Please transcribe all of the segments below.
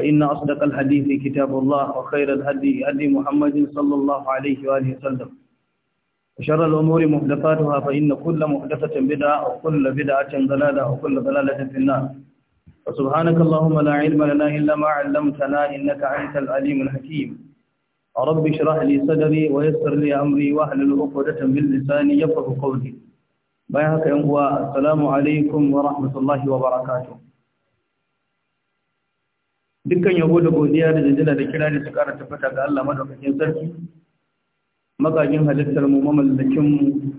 فإن أصدق الحديث كتاب الله وخير الهدي هدي محمد صلى الله عليه وآله وسلم وشر الأمور محدثاتها فإن كل محدثة بدعة وكل بدعة ضلالة وكل ضلالة في النار وسبحانك اللهم لا علم لنا إلا ما علمتنا إنك أنت العليم الحكيم رب اشرح لي صدري ويسر لي أمري واحلل عقدة من لساني يفقه قولي بايعك يا السلام عليكم ورحمة الله وبركاته dukkan yabo da godiya da jinjina da kira su kara tabbata ga Allah madaukakin sarki makagin halittar mu mamallakin mu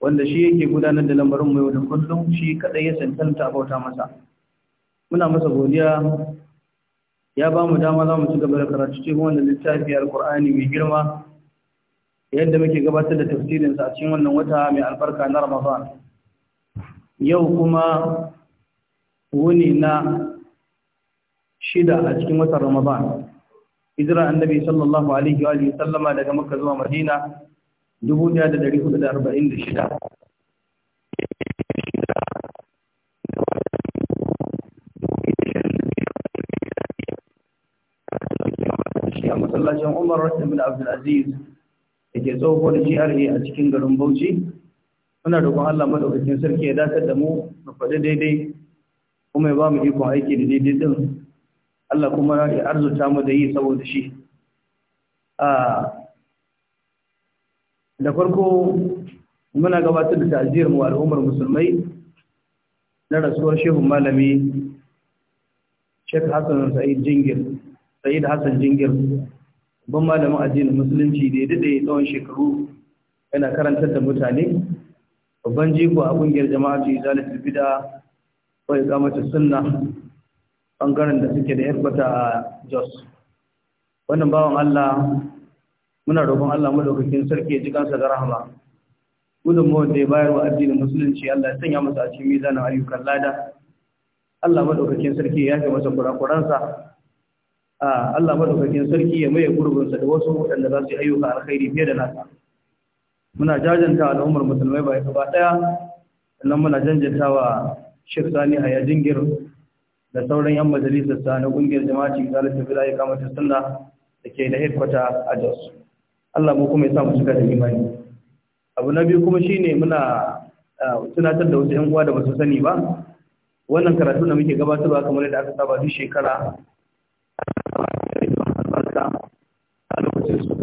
wanda shi yake gudanar da lamarin mu yau da kullum shi kadai ya santanta bauta masa muna masa godiya ya ba mu dama za mu ci gaba da karatu cikin wannan littafi alqur'ani mai girma yadda muke gabatar da tafsirin sa a cikin wannan wata mai albarka na Ramadan yau kuma wuni na shida a cikin watan Ramadan hijira annabi sallallahu alaihi wa sallama daga Makka zuwa Madina 1446 a masallacin Umar Rasul bin Abdul Aziz da ke tsohuwar GRA a cikin garin Bauchi muna roƙon Allah madaukakin sarki ya dace da mu mu faɗi daidai kuma ya ba mu ikon aiki da daidai din Allah kuma ya arzuta mu da yi saboda shi da farko muna gabatar da ta'aziyar mu al'ummar musulmai na rasuwar shehu malami Sheikh Hassan Sa'id Sa'id Hassan babban malamin addinin musulunci da ya dade tsawon shekaru yana karantar da mutane babban jiko a ƙungiyar jama'a ce izalatul bid'a wa iqamatus sunna. ɓangaren da suke da yabbata a jos wannan bawan allah muna roƙon allah maɗaukakin sarki ya ji kansa da rahama gudunmawar da ya bayar wa addinin musulunci allah ya sanya masa a cikin mizanin ayyukan lada allah maɗaukakin sarki ya yafe masa kurakuransa Allah maɗaukakin sarki ya maye gurbinsa da wasu waɗanda za su yi ayyuka alkhairi fiye da nasa. Muna jajanta al'ummar musulmai ba gaba ɗaya, sannan muna janjanta wa Sheikh Sani Haya Jingir da sauran 'yan majalisarsa na ƙungiyar jama'a cikin zalar tafi layi kamata suna da ke da headquarter a Jos. Allah mu kuma ya samu shiga da imani. Abu na biyu kuma shine muna tunatar da wasu 'yan uwa da ba sani ba. Wannan karatu da muke gabatarwa kamar yadda aka saba duk shekara a lokacin su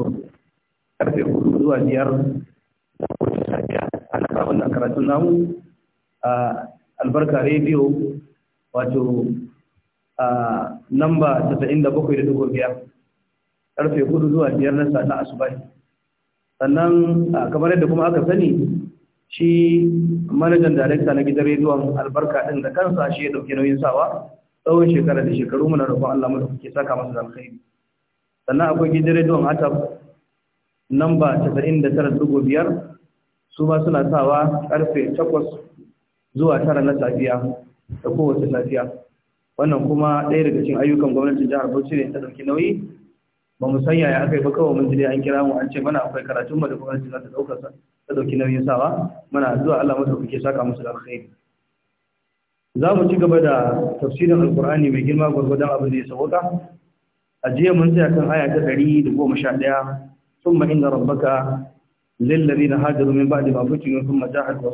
karfe hudu zuwa biyar da safiya ana karatun namu a albarka rediyo wato a namba 97.5 karfe 4 zuwa 5 na sa'an asubahi sannan kamar yadda kuma aka sani shi manajan darekta na gidan rediyon albarka din da kansa shi ya dauke nauyin sawa tsawon shekara da shekaru muna roƙon Allah mu da kuke saka masa da alkhairi sannan akwai gidan rediyon atab namba 99.5 su ba suna sawa karfe 8 zuwa 9 na safiya da kowace lafiya. wannan kuma ɗaya daga cikin ayyukan gwamnatin jihar Bauchi ne ta ɗauki nauyi ba mu san yaya aka yi ba kawai mun ji an kira mu an ce mana akwai karatun mu da gwamnati za ta ɗaukar sa ta ɗauki nauyin sawa muna zuwa Allah kuke saka musu da alkhairi za mu ci gaba da tafsirin alkur'ani mai girma gwargwadon abin da ya sauka a jiya mun tsaya kan aya ta ɗari da goma sha ɗaya sun ma'ina rabbaka lillazi na hajjaru min ba ma fukin sun majahar wa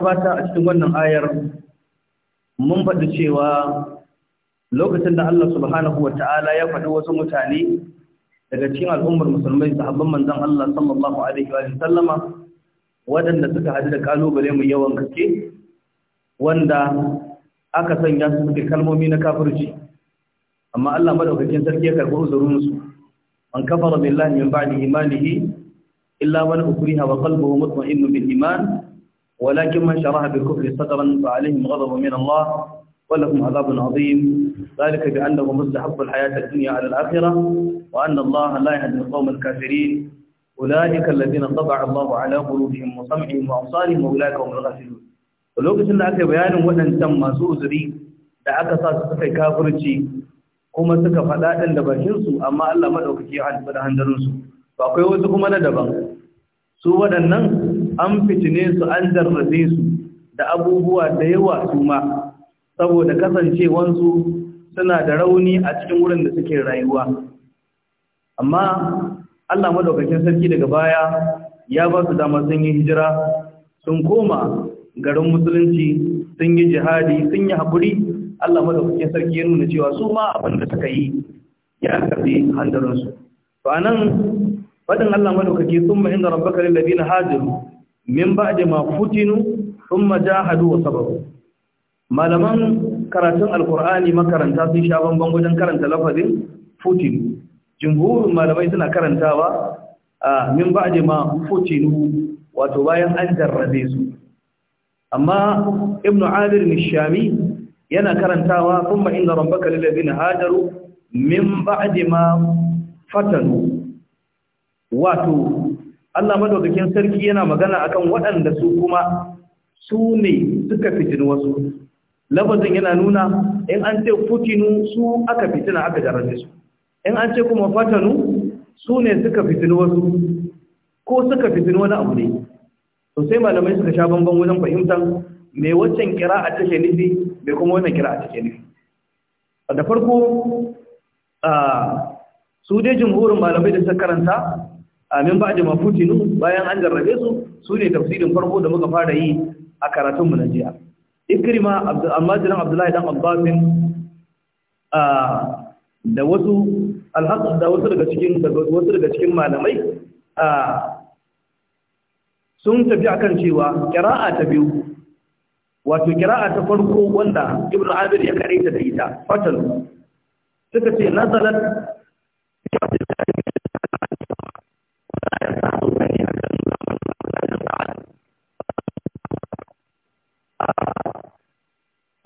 gabata a cikin wannan ayar mun faɗi cewa lokacin da Allah subhanahu wa ta'ala ya faɗi wasu mutane daga cikin al'ummar musulmai sahabban manzan Allah sallallahu alaihi wa sallama waɗanda suka hadu da kalubale mai yawan gaske wanda aka sanya su suke kalmomi na kafirci amma Allah madaukakin sarki ya karɓi uzurinsu an kafara billahi min ba'di imanihi illa man ukriha wa qalbuhu mutma'innun bil iman ولكن من شرح بالكفر صدرا فعليهم غضب من الله ولهم عذاب عظيم ذلك بأنه مستحب الحياة الدنيا على الآخرة وأن الله لا يهدي القوم الكافرين أولئك الذين طبع الله على قلوبهم وسمعهم وأبصارهم وأولئك هم الغافلون lokacin da aka yi bayanin waɗancan masu uzuri da aka sa su suka yi kafirci kuma suka faɗa ɗin da bakinsu amma Allah maɗaukaki ya haɗu da hanzarinsu ba akwai wasu kuma na daban su waɗannan an fitine su an jarrabe su da abubuwa da yawa su ma saboda kasancewansu suna da rauni a cikin wurin da suke rayuwa amma Allah madaukakin sarki daga baya ya ba su dama sun yi hijira sun koma garin musulunci sun yi jihadi sun yi haƙuri Allah madaukakin sarki ya nuna cewa su ma abin da suka yi ya karbi handarinsu to anan fadin Allah madaukaki thumma inna rabbaka lil ladina hajaru min ba'di ma futinu thumma jahadu wa sabaru malaman karatun alqur'ani makaranta sun sha banban wajen karanta lafazin futinu jumhurin malamai suna karantawa a min ba'di ma futinu wato bayan an jarrabe su amma ibnu adir nishami yana karantawa thumma inna rabbaka lil ladina hajaru min ba'di ma fatanu wato Allah madaukakin sarki yana magana akan waɗanda su kuma su ne suka fitina wasu lafazin yana nuna in an ce fitinu su aka fitina aka jarabe su in an ce kuma fatanu su ne suka fitina wasu ko suka fitina wani abu ne to sai malamai suka sha bamban wajen fahimtar me waccan kira a take nufi me kuma wannan kira a take nufi da farko ah, su dai jumhurin malamai da suka karanta amin ba da mafutinu bayan an jarrabe su su ne tafsirin farko da muka fara yi a karatunmu na jiya ikrima almajiran abdullahi dan abbasin da wasu da wasu daga cikin wasu daga cikin malamai sun tafi akan cewa qira'a ta biyu wato qira'a ta farko wanda ibnu abid ya ta da ita fatal suka ce nazalat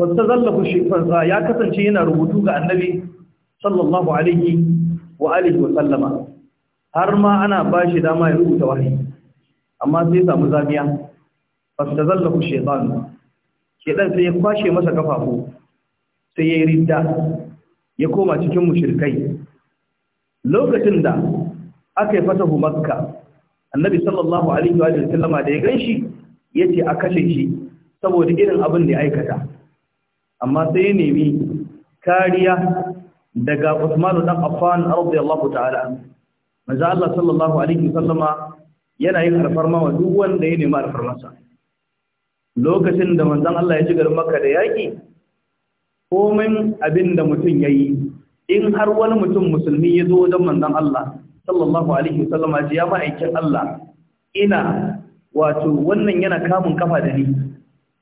fastazallahu shaytan ya kasance yana rubutu ga annabi sallallahu alaihi wa alihi wa sallama har ma ana bashi dama ya rubuta wahayi amma sai ya samu zamiya fastazallahu shaytan shaytan sai ya kwashe masa kafafu sai ya yi ridda ya koma cikin mushrikai lokacin da aka yi fatahu makka annabi sallallahu alaihi wa sallama da ya ganshi ce a kashe shi saboda irin abin da ya aikata amma sai ya nemi kariya daga Usman dan Affan radiyallahu ta'ala manzo Allah sallallahu alaihi wasallama yana yin alfarma wa duk wanda ya nemi alfarmarsa lokacin da manzon Allah ya ji garin Makka da yaki komai abin da mutum yayi in har wani mutum musulmi ya zo wajen manzon Allah sallallahu alaihi wasallama ya ma'aikin Allah ina wato wannan yana kamun kafa da ni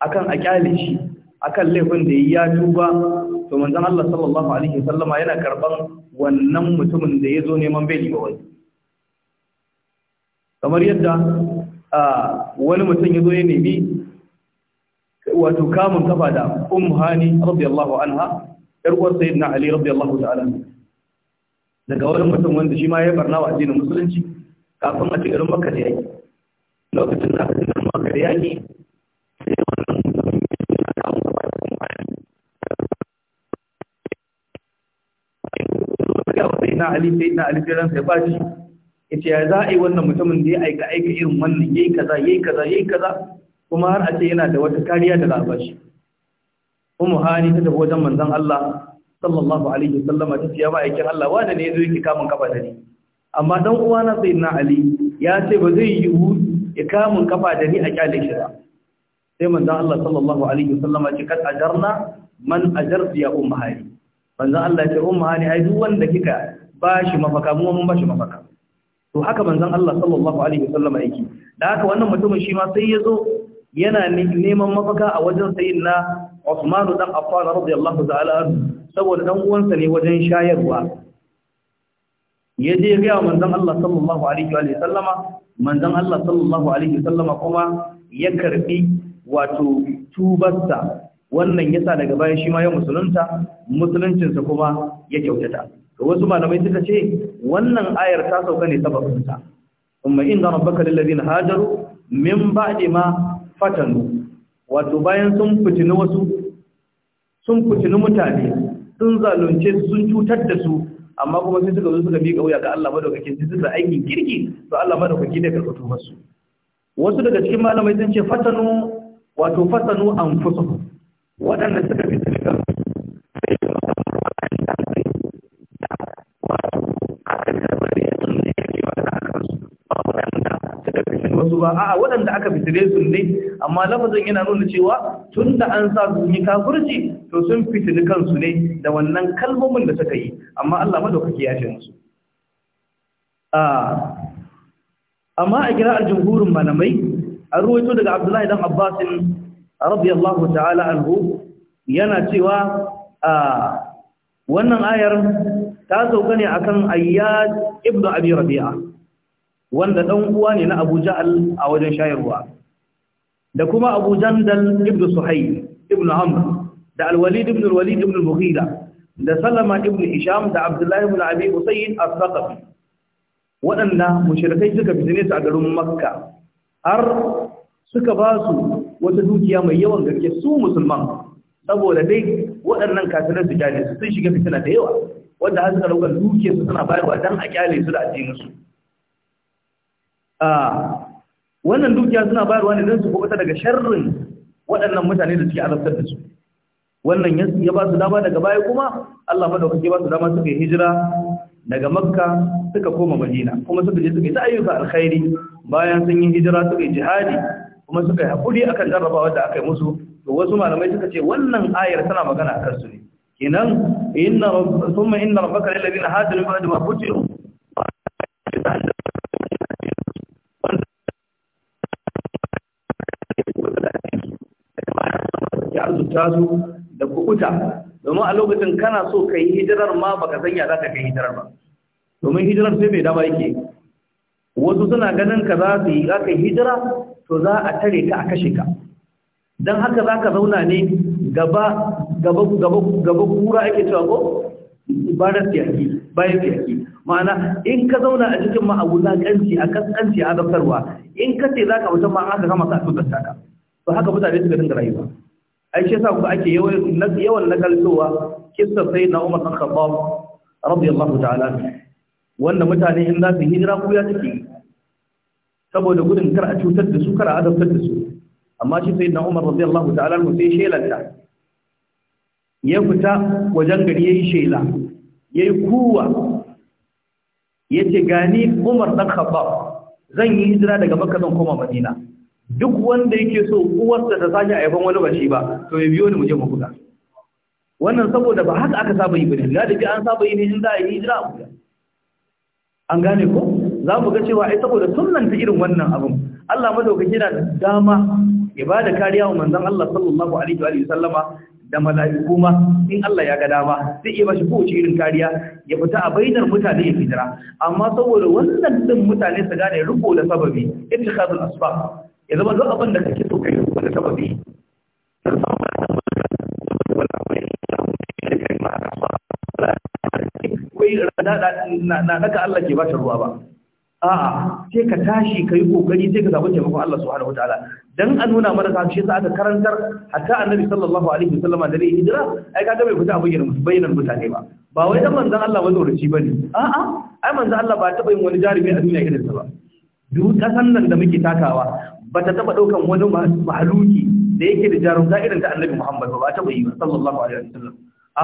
akan a kyale shi akan laifin da ya tuba to manzon Allah sallallahu alaihi wasallama yana karban wannan mutumin da yazo neman bai ba wai kamar yadda wani mutum yazo ya nemi wato kamun kafa da ummu hani radiyallahu anha yar uwar sayyidina ali radiyallahu ta'ala daga wani mutum wanda shi ma ya barna wa addinin musulunci kafin a cikin makka da yaki lokacin da aka cikin makka da yaki ina ali sai ina ali sai ransa ya bashi yace ya za a yi wannan mutumin da ya aika aika irin wannan yayi kaza yayi kaza yayi kaza kuma har a ce yana da wata kariya da labashi ummu hani ta tafi wajen manzon Allah sallallahu alaihi wasallama ta ce ya ba aikin Allah wanda ne yazo yake kamun kafa da ni amma dan na sayyidina ali ya ce ba zai yiwu ya kamun kafa da ni a kyale shi ba sai manzon Allah sallallahu alaihi wasallama ce kad ajarna man ajarti ya ummu hani manzon Allah ya ce ummu hani ai duk wanda kika ba shi mafaka mu mun ba shi mafaka to haka manzon Allah sallallahu alaihi wasallam yake da haka wannan mutumin shi ma sai yazo yana neman mafaka a wajen sayyidina Uthman dan Affan radiyallahu ta'ala saboda dan uwansa ne wajen shayarwa yaje ga manzon Allah sallallahu alaihi wa sallama manzon Allah sallallahu alaihi wa sallama kuma ya karbi wato tubarsa wannan yasa daga baya shi ma ya musulunta musuluncinsa kuma ya kyautata to wasu malamai suka ce wannan ayar ta sauka ne sababin ta umma inda rabbaka lil ladina hajaru min ba'di ma fatanu wato bayan sun fitini wasu sun fitini mutane sun zalunce sun cutar da su amma kuma sai suka zo suka miƙa wuya ga Allah madaukake sai suka aikin kirki to Allah madaukake ne karɓar musu wasu daga cikin malamai sun ce fatanu wato fatanu anfusuhum waɗanda suka fitini kansu wasu ba a'a waɗanda aka fitire su ne amma lafazin yana nuna cewa tun da an sa su yi kafirci to sun fitini kansu ne da wannan kalmomin da suka yi amma Allah madaukaki ya ce musu amma a kira aljumhurin malamai an ruwaito daga Abdullahi dan Abbas radiyallahu ta'ala anhu yana cewa wannan ayar ta sauka ne akan ayyad ibnu abi rabi'a wanda ɗan uwa ne na Abu Ja'al a wajen shayarwa da kuma Abu Jandal ibn Suhayl ibn Amr da Al-Walid ibn Al-Walid ibn Mughira da Salama ibn Isham da Abdullah ibn Abi Usayd al-Thaqafi waɗanda mushrikai suka fitine su a garin Makka har suka ba su wata dukiya mai yawan gaske su musulman saboda dai waɗannan kafirai su kyale su sun shiga fitina da yawa wanda har suka dukiyar su suna bayarwa dan a kyale su da addinin su wannan dukiya suna bayarwa ne don su kubuta daga sharrin waɗannan mutane da suke azabtar da su wannan ya ba su dama daga baya kuma Allah madaukake ba su dama suka yi hijira daga makka suka koma madina kuma suka je suka yi ayyuka alkhairi bayan sun yi hijira suka yi jihadi kuma suka yi hakuri akan jarrabawa da aka yi musu to wasu malamai suka ce wannan ayar tana magana akan su ne kenan inna inna rabbaka lil ladina hadu min ba'di ma futihu rubuta su da kukuta domin a lokacin kana so ka yi hijirar ma baka sanya za ka kai hijirar ba domin hijirar sai mai dama yake wasu suna ganin ka za su yi za ka yi hijira to za a tare ka a kashe ka don haka za ka zauna ne gaba gaba gaba gaba kura ake cewa ko bayan tiyaki bayan ma'ana in ka zauna a cikin ma a wulaƙanci a kaskanci a adabtarwa in ka ce za ka mutum ma aka kama ka a tutar ka ba haka mutane ga dinga rayuwa ai shi ku ake yawan nakaltowa kissa sai na Umar bin Khattab radiyallahu ta'ala wanda mutane in za su hijira ku ya take saboda gudun kar a cutar da su kar a azabtar da su amma shi sai na Umar radiyallahu ta'ala sai shelanta ya fita wajen gari yayi shela yayi kuwa yace gani Umar dan Khattab zan yi hijira daga Makka zan koma Madina duk wanda yake so uwarsa ta sake aifan wani bashi ba to ya biyo ni mu je mu buga wannan saboda ba haka aka saba yi ba ne galibi an saba yi ne in za a yi hijira a buga an gane ko za mu ga cewa ai saboda sunnan ta irin wannan abun Allah madaukaki yana da dama ya ba da kariya wa manzon Allah sallallahu alaihi wa sallama da mala'iku ma in Allah ya ga dama zai iya bashi kowace irin kariya ya fita a bainar mutane ya fitira amma saboda wannan din mutane su gane riko da sababi ittikhadul asbab ya ba zo abin da kake so kai wani sababi da na daga Allah ke bashi ruwa ba a'a sai ka tashi ka yi kokari sai ka samu taimakon Allah subhanahu wataala dan a nuna mana ka shi sa aka karantar hatta annabi sallallahu alaihi wasallam da rai hijira ai ga bai fita bayyana bayyanan mutane ba ba wai dan manzon Allah mazauraci bane a'a ai manzon Allah ba ta yin wani jarumi a duniya irin sa ba duk kasan nan da muke takawa ba ta taba daukan wani mahaluki da yake da jarumta irin ta annabi Muhammad ba ta bayi ba sallallahu alaihi wasallam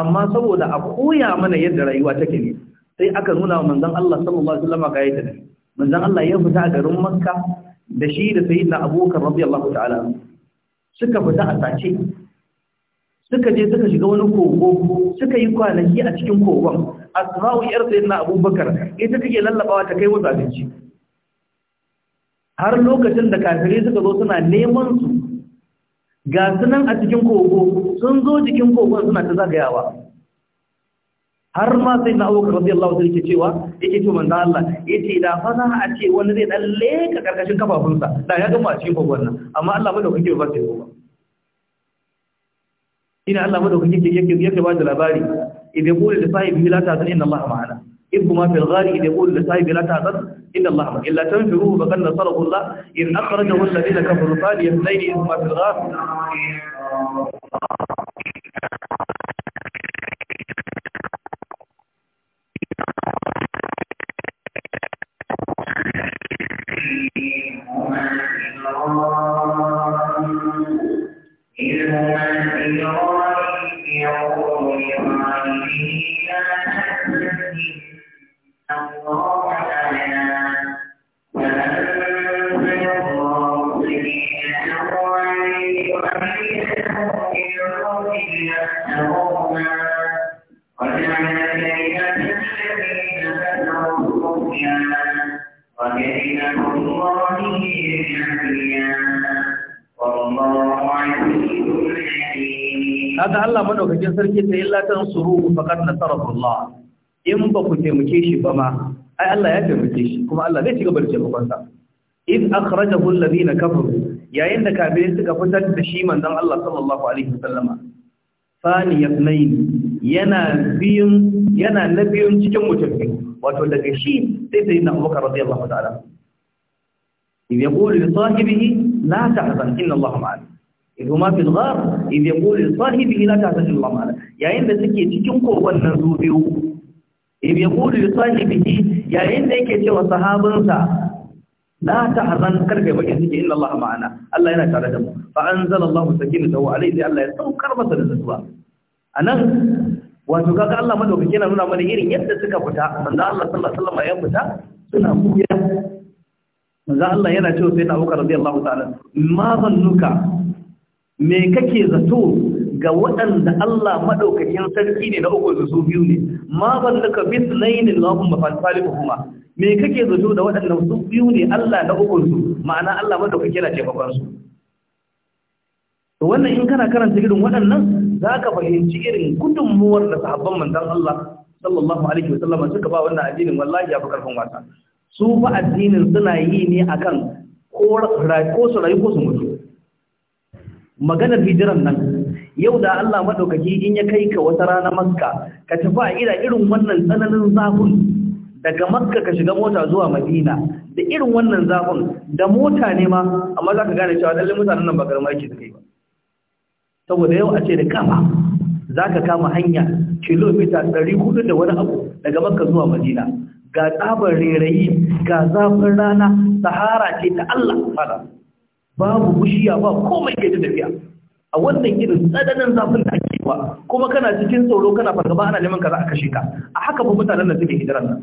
amma saboda a koya mana yadda rayuwa take ne sai aka nuna wa manzon Allah sallallahu alaihi wasallam ga yadda manzon Allah ya fita a garin Makka da shi da sayyidina Abubakar radiyallahu ta'ala suka fita a sace suka je suka shiga wani kogo suka yi kwanaki a cikin kogon asma'u yar sayyidina Abubakar ita take lallabawa ta kai musu abinci har lokacin da kafirai suka zo suna neman su ga sunan a cikin kogo sun zo jikin kogon suna ta zagayawa har ma sai na abokan rabi Allah wasu yake cewa yake ce manzan Allah ce da fa za a ce wani zai dan leka karkashin kafafunsa da ya gama a cikin kogon nan amma Allah madaukake ba yi ba ina Allah madaukake yake yake ba da labari idan qul da sahibi la ta'tin inna Allah ma'ana ibu ma fi alghari da yaqul li sahibi la ta'zan illa Allah illa tanfiru fa kan nasarahu Allah in akhrajahu alladhina kafaru thaniyan thayni ibu ma fi alghari kaga Allah madaukakin sarki sai illa tan suru faqad nasarullah in ba ku taimake shi ba ma ai Allah ya taimake shi kuma Allah zai ci gaba da taimakon sa id akhrajahu alladhina kafaru yayin da kafirai suka fitar da shi manzon Allah sallallahu alaihi wasallama fani yafnain yana biyun yana na biyun cikin mutum wato daga shi sai sai na Abubakar radiyallahu ta'ala in yaqulu li sahibihi la tahzan inna Allah ma'ana إذ هما في الغار إذ يقول لصاحبه لا تحتاج الله معنا يعني إذا سكي تكون قربان نزوبيو إذ يقول لصاحبه يعني إذا يكي وصحابنسا لا تحزن كرك بكيسك إلا الله معنا الله ينا تعالى دمو فأنزل الله سكينته عليه سي الله يستوى كربة لزدوا أنا wato kaga Allah madaukake yana nuna mana irin yadda suka fita manzo Allah sallallahu alaihi wasallam ya fita suna buya manzo Allah yana cewa sai na Abu Bakar radiyallahu ta'ala ma zannuka me kake zato ga waɗanda Allah maɗaukakin sarki ne na uku su biyu ne ma ban da ka bis lainin lahun mafalfali kuma me kake zato da waɗanda su biyu ne Allah na uku su ma'ana Allah maɗaukakin na taimakon su to wannan in kana karanta irin waɗannan za ka fahimci irin gudunmuwar da sahabban manzon Allah sallallahu alaihi wa sallam suka ba wannan addinin wallahi ya fi karfin wasa su fa addinin suna yi ne akan ko su rayu ko su mutu maganar hijiran nan yau da Allah madaukaki in ya kai ka wata rana makka ka tafi a ira irin wannan tsananin zafin daga makka ka shiga mota zuwa madina da irin wannan zafin da mota ne ma amma za ka gane cewa lallai mutanen nan ba karamar ke ba saboda yau a ce da kama za ka kama hanya kilomita 400 da wani abu daga makka zuwa madina ga tsabar rerayi ga zafin rana sahara ce ta Allah fara babu bushiya ba komai ke da tafiya a wannan irin tsananin zafin da ake ba kuma kana cikin tsoro kana fargaba ana neman ka za a kashe ka a haka ba mutanen da suke hijiran nan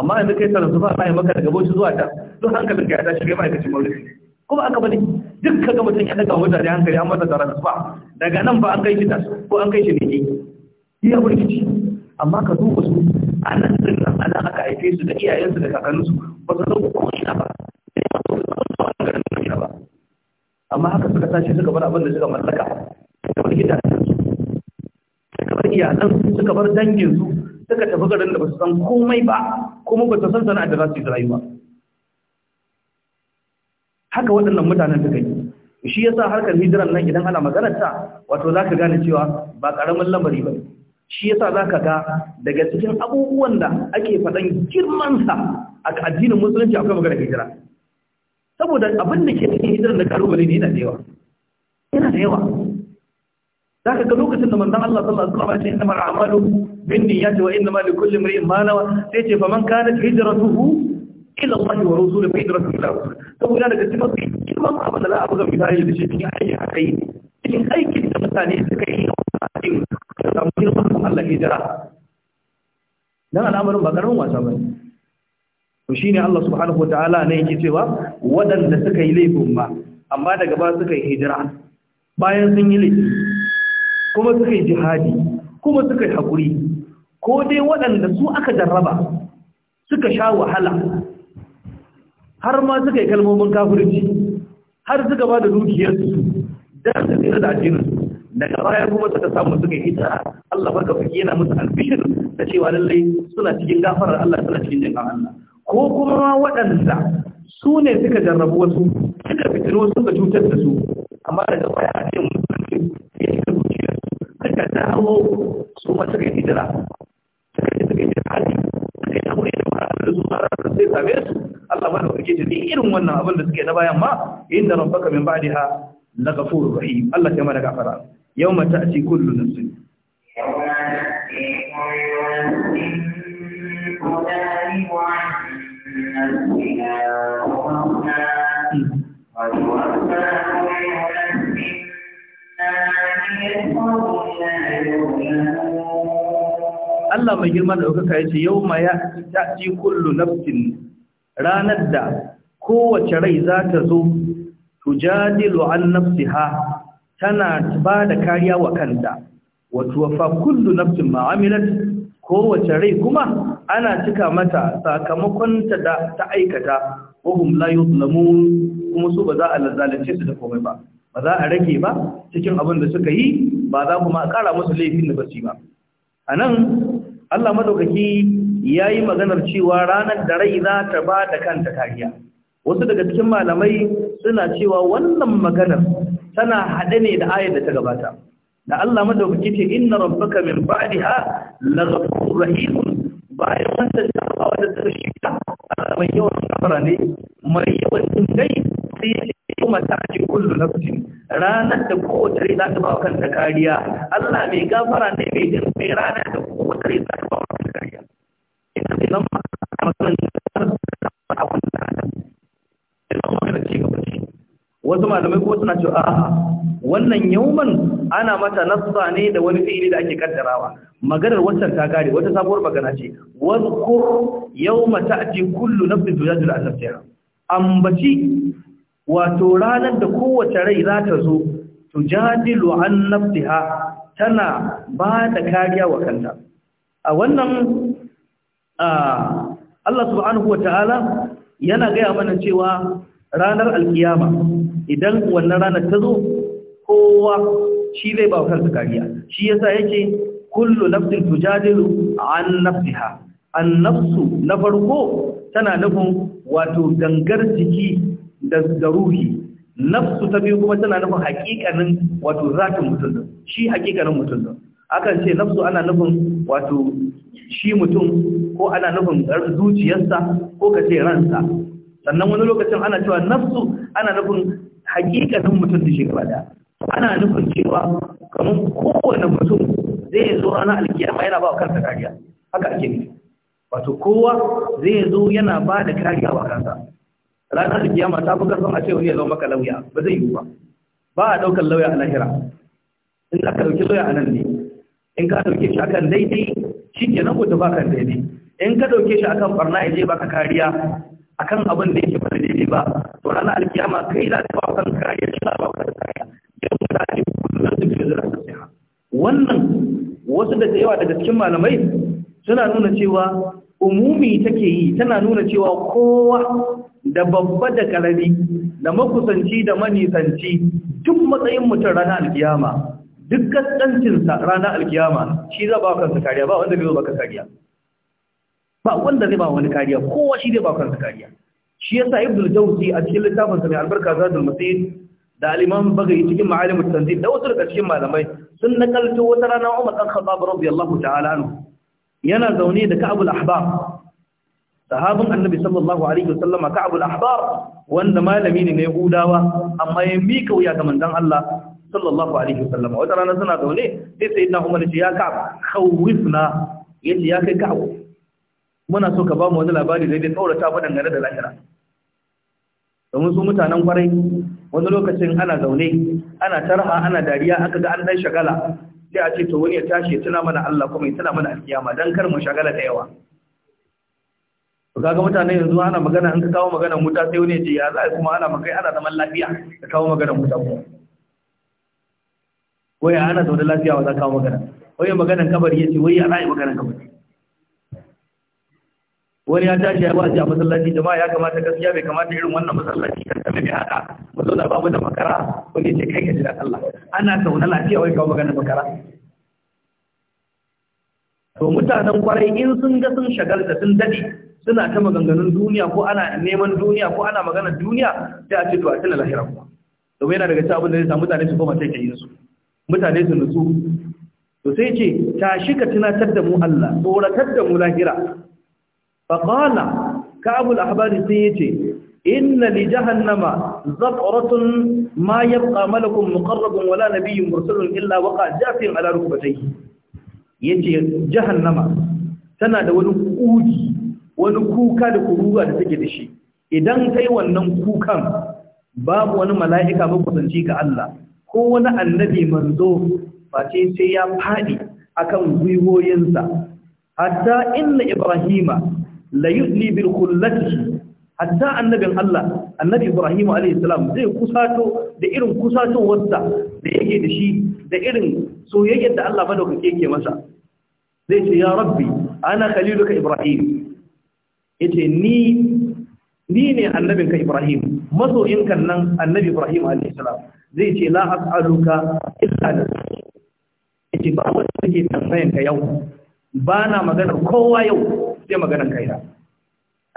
amma yanzu kai tsara zuba bayan maka daga bauchi zuwa ta duk hankalin ka ya tashi kai ma'aikacin maulidi kuma aka bane duk ka ga mutum ya daga mutane hankali an masa tsara zuba daga nan ba an kai shi tasu ko an kai shi ne yi abu rikici amma ka duba su a nan din nan ana aka haife su da iyayensu da kakanninsu ba su zama ko ina ba amma haka suka tashi suka bar abin da suka mallaka suka bar su, suka bar iyalan, suka bar danginsu suka tafi garin da ba su san komai ba kuma ba su san sana'a da za su yi rayuwa haka waɗannan mutanen suka yi shi yasa harkar hijiran nan idan ana maganar ta wato ka gane cewa ba karamin lamari ba shi yasa ka ga daga cikin abubuwan da ake faɗan girman sa a addinin musulunci akwai maganar hijira saboda abin da ke cikin hijirar da kalubale ne yana da yawa yana da yawa za ka ga lokacin da manzon Allah sallallahu alaihi wasallam ya ce innamal a'malu binniyati wa innamal likulli imrin ma nawa sai ce faman kanat hijratuhu ila Allah wa rasulihi fa hijratuhu ila rasul saboda daga cikin mafi kiman abin da za a buga misali da shi cikin aiki a kai cikin aikin da mutane suka yi a cikin samun girman Allah hijira dan al'amarin ba karamin wasa bane to shine Allah subhanahu wataala ne yake cewa waɗanda suka yi laifin ba amma daga ba suka yi hijira bayan sun yi laifi kuma suka yi jihadi kuma suka yi haƙuri ko dai waɗanda su aka jarraba suka sha wahala har ma suka yi kalmomin kafirci har suka ba da dukiyarsu da su tsira da ajininsu daga baya kuma suka samu suka yi ita Allah baka fake yana musu albishir da cewa lallai suna cikin gafarar Allah suna cikin jin Allah ko kuma waɗanda su ne suka jarrabu wasu suka fitino suka cutar da su amma daga baya a cikin musulunci ya yi ta zuciya suka dawo su ma suka hijira suka yi suka hijira hali suka yi abu da mara da su mara da sai same su Allah bada kake ta irin wannan abin da suke na bayan ma inda rabbaka min na la ghafurur rahim Allah ya mana gafara yau mata a cikin yawma su Thank you. Allah mai girma da ɗaukaka ya ce yau ma ya ci kullu nafsin ranar da kowace rai za ta zo jadilu an ha, tana ba da kariya wa kanta wato fa kullu nafsin ma'amilat kowace rai kuma ana cika mata sakamakon ta da ta aikata wahum la kuma su ba za a lazalance su da komai ba ba za a rage ba cikin abin da suka yi ba za kuma a kara musu laifin da basu ba anan Allah madaukaki yayi maganar cewa ranar da rai za ta ba da kanta kariya wasu daga cikin malamai suna cewa wannan maganar tana hade ne da ayar da ta gabata da Allah madaukaki ce inna rabbaka min ba'daha laghafurur rahim bayan wannan jarabawa da ta shi ta eh, mai yawan kamara ne mai yawan dai sai ya yi mata a ce kullu nafsin ranar da kowace rai za ta ba kanta kariya Allah mai gafara ne mai jin mai ranar da kowace rai za ta ba kanta kariya ina ne zama a makarantar a wannan ina magana ce gaba ce wasu malamai ko suna cewa a'a wannan yauman ana mata nassa ne da wani fi'ili da ake kaddarawa maganar wancan ta kare wata sabuwar magana ce wazkur yawma ta'ti kullu nafsin tujadu li anfiha ambaci wato ranar da kowace rai za ta zo tujadilu an nafsiha tana ba da kariya wa kanta a wannan Allah subhanahu wataala yana gaya mana cewa ranar alkiyama idan wannan ranar ta zo kowa shi zai ba wa kansa kariya shi yasa yake kullu nafsin tujadilu an nafsiha an nafsu na farko tana nufin wato gangar jiki da ruhi nafsu ta biyu kuma tana nufin hakikanin wato zatin mutum shi hakikanin mutum akan ce nafsu ana nufin wato shi mutum ko ana nufin zuciyarsa ko ka ce ransa sannan wani lokacin ana cewa nafsu ana nufin hakikanin mutum da shi gaba daya ana nufin cewa kamar kowane mutum zai zo ranar alkiyama yana ba wa kansa kariya haka ake nufi wato kowa zai zo yana ba da kariya wa kansa ranar alkiyama ta fi karfin a ce wani ya zama maka lauya ba zai yi ba ba a ɗaukar lauya a lahira in aka ɗauki lauya a nan ne in ka ɗauke shi akan daidai shi ke nan kuta bakan daidai in ka ɗauke shi akan barna ya je baka kariya akan abin da yake ba daidai ba to ranar alkiyama kai za ta ba kariya shi ba ka kariya wannan wasu da yawa daga cikin malamai suna nuna cewa umumi take yi tana nuna cewa kowa da babba da karami da makusanci da manisanci duk matsayin mutum rana alkiyama duk kaskancinsa rana alkiyama shi za ba kansa kariya ba wanda zai ba ka kariya ba wanda zai ba wani kariya kowa shi zai ba kansa kariya shi yasa ibnu jawzi a cikin littafin sa mai albarka zadul masir da aliman bagai cikin ma'alimin tanzil da wasu daga cikin malamai sun nakalto wata rana Umar dan Khattab radiyallahu ta'ala anhu yana zaune da Ka'ab al-Ahbar sahabin Annabi sallallahu alaihi wasallam Ka'ab al-Ahbar wanda malami ne na Yahudawa amma ya mika wuya ga manzon Allah sallallahu alaihi wasallam wata rana suna zaune sai sayyidina Umar ya Ka'ab khawifna yadda ya kai Ka'ab muna so ka ba mu wani labari da zai ta mu dangane da lahira domin su mutanen kwarai wani lokacin ana zaune ana tarha ana dariya aka ga an dan shagala sai a ce to wani ya tashi ya tuna mana Allah kuma ya tuna mana alkiyama dan kar mu shagala da yawa to kaga mutanen yanzu ana magana an ka kawo magana muta sai wani ya ce ya za kuma ana magana ana zaman lafiya ka kawo magana muta ko ya ana zaune lafiya wa za kawo magana wai maganan kabari ya ce wai ya za a maganan kabari wani ya tashi ya wace a masallaci jama'a ya kamata gaskiya bai kamata irin wannan masallaci kan kame mai hada ba zauna babu da makara wani ce kai ka jira Allah ana na lafiya wai kawo maganar makara to mutanen kwarai in sun ga sun da sun dade suna ta maganganun duniya ko ana neman duniya ko ana maganar duniya sai a ce to a cina lahira kuma domin yana daga cikin abin da zai sa mutane su koma take yin su mutane su nutsu to sai ce tashi ka tunatar da mu Allah tsoratar da mu lahira faƙala kabul ahbari sun yi ce inna li jahannama zaqratun ma yabqa malakun muƙarrabin wala biyun mursalun illa waqa jafin ala Ya ce jahannama tana da wani kuji wani kuka da kuruwa da take da shi idan kai wannan kukan babu wani mala'ika makusanci ga Allah ko wani annabi manzo face sai ya fadi akan gwiwoyinsa hatta inna ibrahima la yudni bil kullati hatta annabin Allah annabi Ibrahim alayhi salam zai kusato da irin kusatowarsa da yake da shi da irin soyayyar da Allah madaukake yake masa zai ce ya rabbi ana khaliluka Ibrahim yace ni ni ne annabin ka Ibrahim masoyinka nan annabi Ibrahim alayhi salam zai ce la as'aluka illa da yace ba wanda yake tambayanka yau ba na maganar kowa yau sai maganar kaina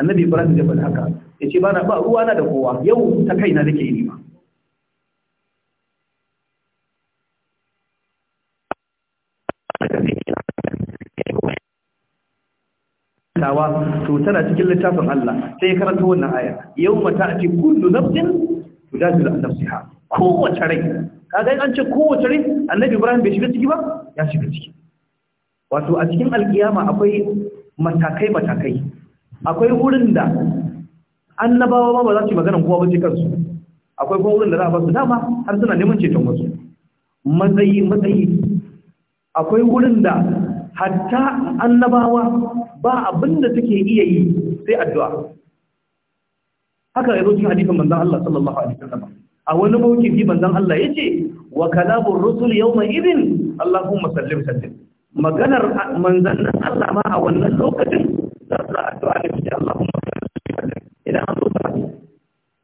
annabi ibrahim da faɗi haka ya ce bana ba ruwa na da kowa yau ta kaina nake yi ma karantawa to tana cikin littafin Allah sai ya karanta wannan aya yau mata a ake kullu nafsin tudajilu an nafsiha kowace rai kaga an ce kowace rai annabi Ibrahim bai shiga ciki ba ya shiga ciki wato a cikin alkiyama akwai matakai-matakai akwai wurin da annabawa ba za su magana kowa bace kansu akwai kuma wurin da za a basu dama har suna neman ceton wasu matsayi matsayi akwai wurin da hatta annabawa ba abin da suke iya yi sai addu'a haka ya rokin hadifin manzan Allah sallallahu alaihi wasallam a wani fi manzan Allah ce, wa kalabun rusul yawma irin? Allahumma sallim sallim maganar manzannin Allah ma a wannan lokacin za su addu'a da shi Allah kuma idan an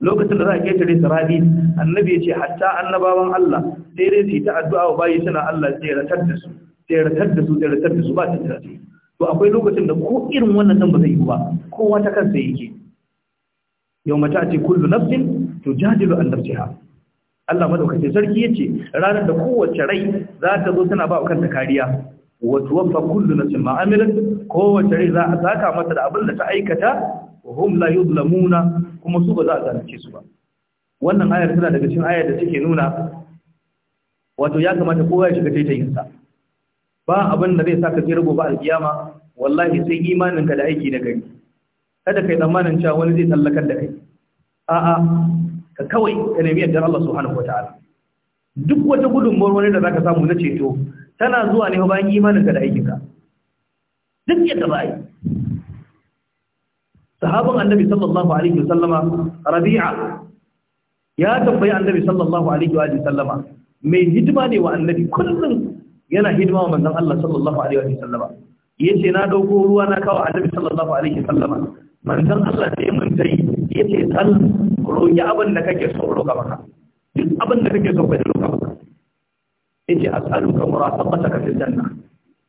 lokacin da za a ketare sarari annabi ya ce hatta annabawan Allah sai dai su yi ta addu'a wa bayi suna Allah sai ratar da su sai ratar da su sai ratar da su ba ta tafi to akwai lokacin da ko irin wannan nan ba zai yi ba kowa ta kansa yake yau mata ce kullu nafsin to jajilu an nafsiha Allah madaukake sarki yace ranar da kowace rai za ta zo tana ba kanta kariya wa tuwaffa kullu na ma amilat kowace rai za a saka mata da abin da ta aikata wa hum la yuzlamuna kuma su ba za a zalunce su ba wannan ayar tana daga cin ayar da take nuna wato ya kamata kowa ya shiga taitayin ba abin da zai saka ji rago ba alkiyama wallahi sai imanin ka da aiki na gari kada kai tsammanin cewa wani zai tsallakar da kai a'a ka kawai ka nemi yardar Allah subhanahu wataala duk wata gudunmawar wani da zaka samu na ceto tana zuwa ne bayan ka da aikinka duk yadda ba yi sahabin annabi sallallahu alaihi wasallama rabi'a ya tambayi annabi sallallahu alaihi wa sallama mai hidima ne wa annabi kullum yana hidima wa manzon Allah sallallahu alaihi wa sallama yace na dauko ruwa na kawo annabi sallallahu alaihi wa sallama manzon Allah sai mun tayi yace sal ruwa abin da kake so ruwa maka duk abin da kake so a roƙa maka yace as'aluka murafaqataka fil janna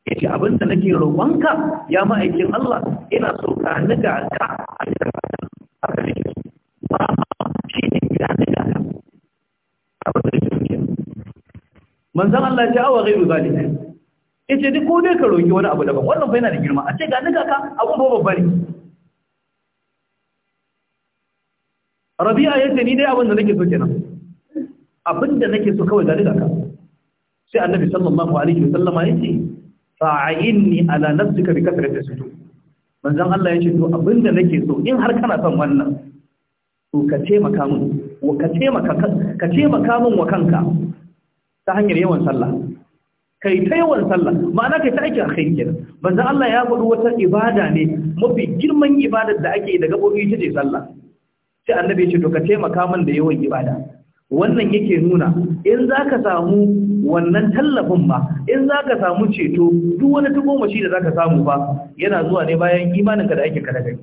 yace abin da nake roƙonka ya ma'aikin Allah ina so ka niga ka a cikin haka ne ba shi ne ya niga ka abin da yake ke manzon Allah ya awa ghairu zalika yace duk ko dai ka roki wani abu daban wannan fa yana da girma a ce ga niga ka abu babba ne rabi'a yace ni dai abin da nake so kenan abinda nake so kawai gari ka sai annabi sallallahu alaihi wasallam ya ce fa'inni ala nafsika bi kasratis sujud manzon Allah ya ce to abinda nake so in har kana son wannan to ka taimaka min wa ka taimaka ka taimaka min wa kanka ta hanyar yawan sallah kai ta yawan sallah ma'ana kai ta aikin alkhairi kenan manzon Allah ya gudu wata ibada ne mafi girman ibadar da ake daga gabobi ita ce sallah sai annabi ya ce to ka taimaka min da yawan ibada wannan yake nuna in za ka samu wannan tallafin ba in za ka samu ceto duk wani tagomashi da za ka samu ba yana zuwa ne bayan imaninka da ake kada gari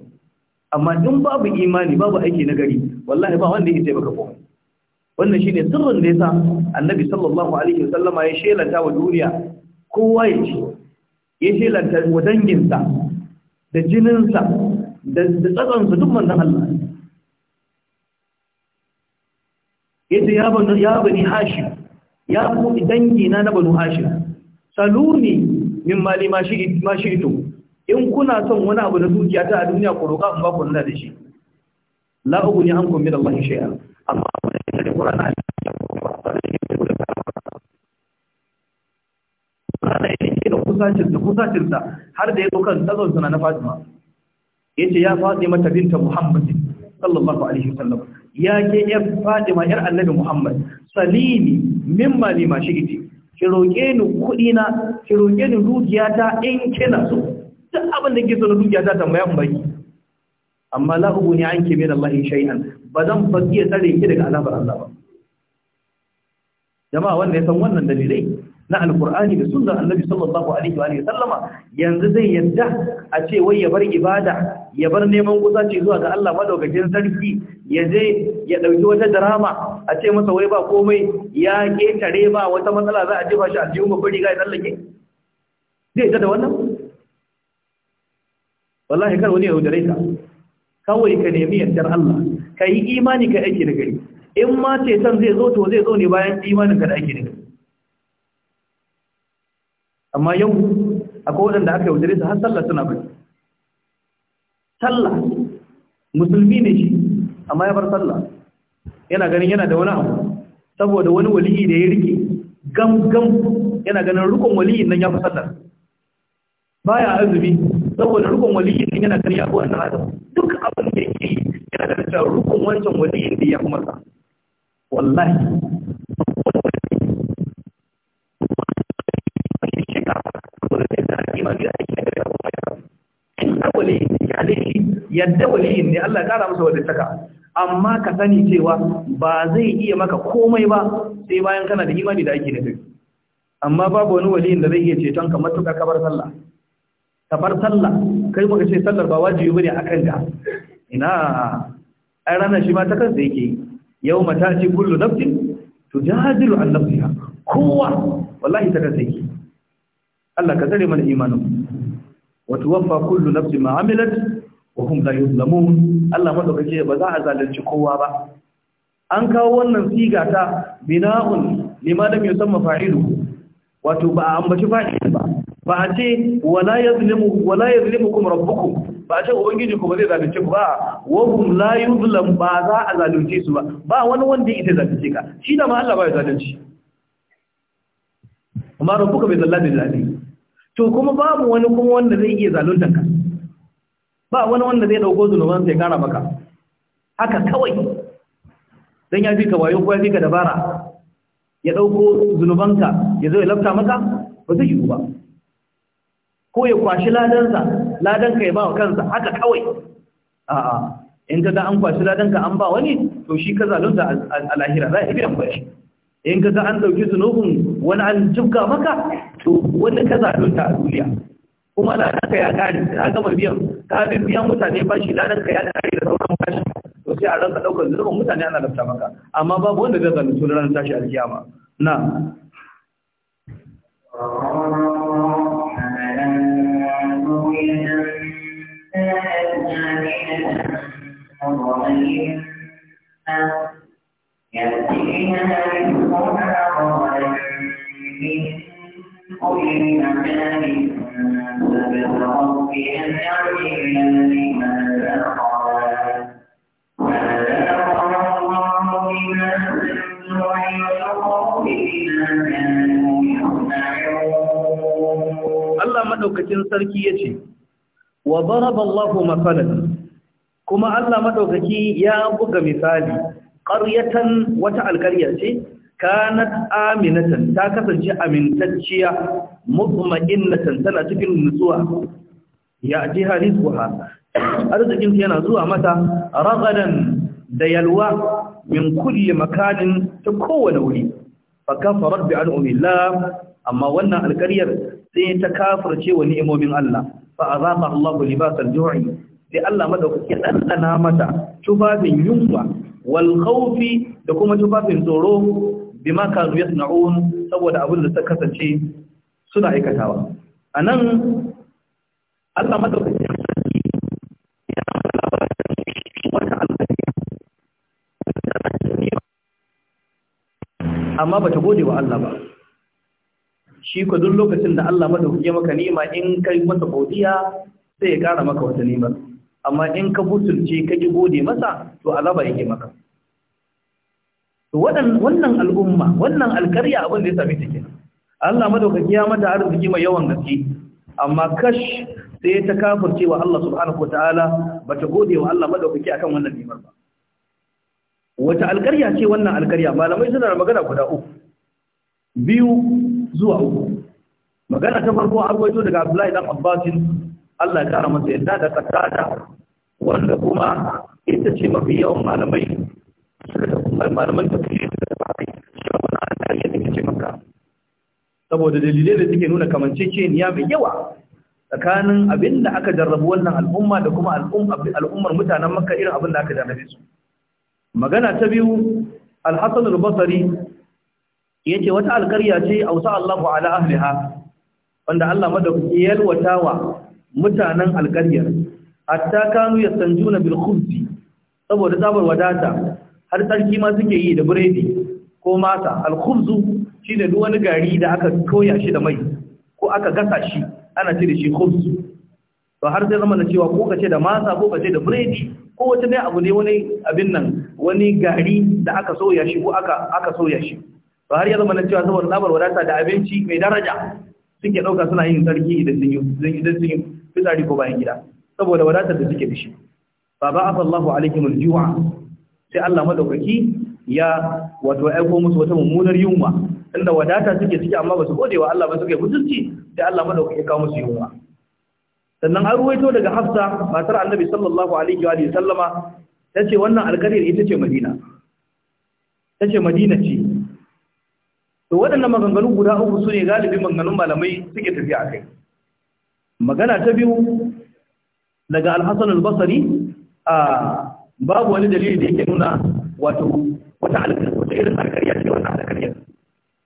amma in babu imani babu aiki na gari wallahi ba wanda ya taimaka komai wannan shine sirrin da yasa annabi sallallahu alaihi wasallama ya shelanta wa duniya kowa ya ci ya shelanta wa danginsa da jininsa da tsatsansa duk manzon Allah yace ya bani ya bani hashim ya ku dangi na na bani hashim saluni min mali ma shi ma to in kuna son wani abu da dukiya ta a duniya ku roƙa in ba ku da shi la an ankum min Allah shay'a amma wannan da Qur'ani da kusacinta har da ya zo kan tsazon suna na Fatima yace ya Fatima mata binta Muhammad sallallahu alaihi wasallam ya ke yar Fatima yar Annabi Muhammad salimi mimma ne ma shigiti ki roƙe ni kuɗi na ki roƙe ni dukiyata in kina so duk abin da kike so na dukiyata tambaya in baki amma la ubuni anki min Allah shay'an bazan fakiya tsare ki daga alamar Allah ba jama'a wanda ya san wannan dalilai na alkur'ani da sunnar annabi sallallahu alaihi wa sallama yanzu zai yadda a ce wai ya bar ibada ya bar neman kusaci zuwa ga Allah madaukakin sarki ya je ya dauki wata drama a ce masa wai ba komai ya ketare ba wata matsala za a jefa shi a jiyo mabari ga ya tsallake zai ta da wannan wallahi kar wani ya rai ka kawai ka nemi yantar Allah ka yi imani ka aiki da gari in ma ce san zai zo to zai zo ne bayan imanin ka da aiki da gari amma yau akwai wadanda aka yaudare su har sallah suna bari sallah musulmi ne shi amma ya bar sallah yana ganin yana da wani abu saboda wani waliyi da ya rike gam gam yana ganin rukun waliyi nan ya fi sallah baya azumi saboda rukun waliyi nan yana ganin ya wannan adam duk abin da yake yana da rukun wancan waliyi da ya fi masa wallahi yadda waliyin ne Allah ya kara masa wadataka amma ka sani cewa ba zai iya maka komai ba sai bayan kana da imani da ake nufi amma babu wani waliyin da zai iya ceton ka matuƙa kabar sallah kabar sallah kai baka ce sallar ba wajibi bane akan ka ina ai ranar shi ma ta kansa yake yau mata ce kullu To tujadilu an nafsiha kowa wallahi ta kansa yake Allah ka tsare mana imanin wa tuwaffa kullu nafsin ma amilat wa hum la yuzlamun Allah ce ba za a zalunci kowa ba an kawo wannan siga ta bina'un lima lam yusamma fa'ilu wato ba a ambaci fa'ilu ba ba a ce wala yuzlimu wala yuzlimukum rabbukum ba a ce ubangiji ku ba zai zalunce ku ba wa hum la yuzlam ba za a zalunce su ba ba wani wanda yake zalunci ka shi da ma Allah ba ya zalunci amma rabbuka bai zalla da zalunci to kuma babu wani kuma wanda zai iya zaluntar ka ba wani wanda zai dauko zunuban sai gara maka haka kawai dan ya fi ka wayo ko ya fi ka dabara ya dauko zunubanka ya zo ya lafta maka ba zai yi ba ko ya kwashi ladansa ladanka ya ba wa kansa haka kawai a'a in ka ga an kwashi ladanka an ba wani to shi ka zalunta a lahira za a biyan kwashi in ka ga an dauki zunubin wani an jibga maka to wani ka zalunta a duniya kuma na ka ya da aka gama biyan ka biyan mutane ba shi lanar kai ya kare da sauran bashi to sai a ranka daukar mutane ana lafta maka amma babu wanda zai zalunci ranar tashi alkiyama na يأتيها من Allah madaukakin sarki yace wa daraba Allahu mathalan kuma Allah madaukaki ya buga misali qaryatan wata alqaryace kanat aminatan ta kasance amintacciya mutma'innatan tana cikin nutsuwa ya ji harizquha arzikin yana zuwa mata ragadan da yalwa min kulli makanin ta kowane wuri fa kafarat bi an'amillah amma wannan alƙaryar sai ta kafirce wa ni'imomin Allah fa azaqa Allahu libasal ju'i sai Allah ya dandana mata tufafin yunwa wal khawfi da kuma tufafin tsoro bima kanu yasna'un saboda abin da suka kasance suna aikatawa anan Allah madaukakin amma ta gode wa Allah ba shi ko duk lokacin da Allah madauki maka nima in kai masa godiya sai ya kara maka wata nima amma in ka butulce ka ji gode masa to alaba yake maka wannan al'umma wannan alkarya abin da ya same cikin kenan Allah madaukaki ya mata arziki mai yawan gaske amma kash sai ta kafirce cewa Allah subhanahu wataala bata gode wa Allah madaukaki akan wannan nimar ba wata alƙarya ce wannan alƙarya malamai suna magana guda uku biyu zuwa uku magana ta farko an waito daga Abdullahi dan Abbasin Allah ya kara masa yadda da tsakata wanda kuma ita ce mafi yawan malamai malaman da ya saboda dalilai da suke nuna kamanceceniya mai yawa tsakanin abin da aka jarrabu wannan al'umma da kuma al'ummar mutanen makka irin abin da aka jarrabe su magana ta biyu alhassan basari ya ce wata alkarya ce a wasu allahu ala ahliha wanda allah madaukaki yalwata wa mutanen alkaryar hatta kanu ya sanjuna bil saboda tsabar wadata har tsarki ma suke yi da biredi ko masa alkhubzu shine duk wani gari da aka koya shi da mai ko aka gasa shi ana ce da shi khubzu to har sai zama na cewa ko kace da masa ko kace da biredi ko wata dai abu ne wani abin nan wani gari da aka soya shi ko aka aka soya shi to har ya zama na cewa saboda labar wadata da abinci mai daraja suke dauka suna yin tsarki idan sun yi idan sun yi ko bayan gida saboda wadatar da suke da shi Baba Afallahu Allahu alaihim sai Allah madaukaki ya wato aiko musu wata mummunar yunwa inda wadata suke suke amma ba su gode wa Allah ba suke mutunci sai Allah madaukaki ya kawo musu yunwa sannan an ruwaito daga Hafsa matar Annabi sallallahu alaihi wa alihi sallama tace wannan alƙaryar ita ce Madina tace Madina ce to waɗannan maganganu guda uku su ne galibin maganganun malamai suke tafiya kai magana ta biyu daga Al-Hasan Al-Basri a babu wani dalili da yake nuna wato wata alƙar wata irin alƙarya ce wannan alƙarya